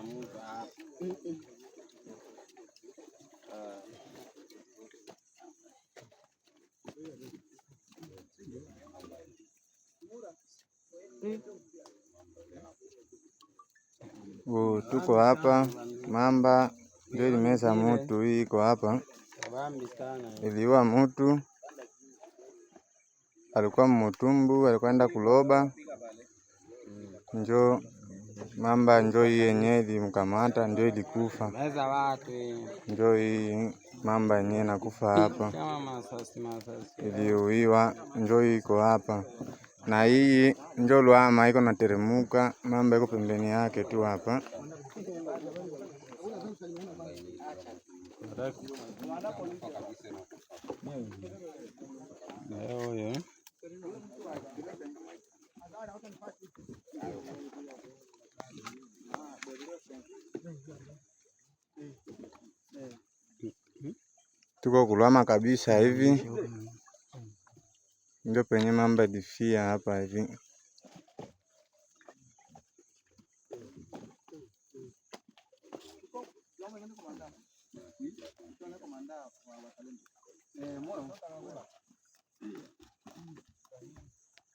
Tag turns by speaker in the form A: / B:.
A: za Mungu hapa. Uh, Tuko hapa mamba ndio ilimeza mutu, hii iko hapa iliua mutu, alikuwa mmutumbu, alikwenda kuloba njo mamba njo yenye ilimkamata njo ilikufa, njo hii mamba yenye nakufa hapa, iliuiwa njo iko hapa, na hii njo lwama iko nateremuka, mamba iko pembeni yake tu hapa tuko kulama kabisa hivi, mm. ndio penye mamba ilifia hapa hivi.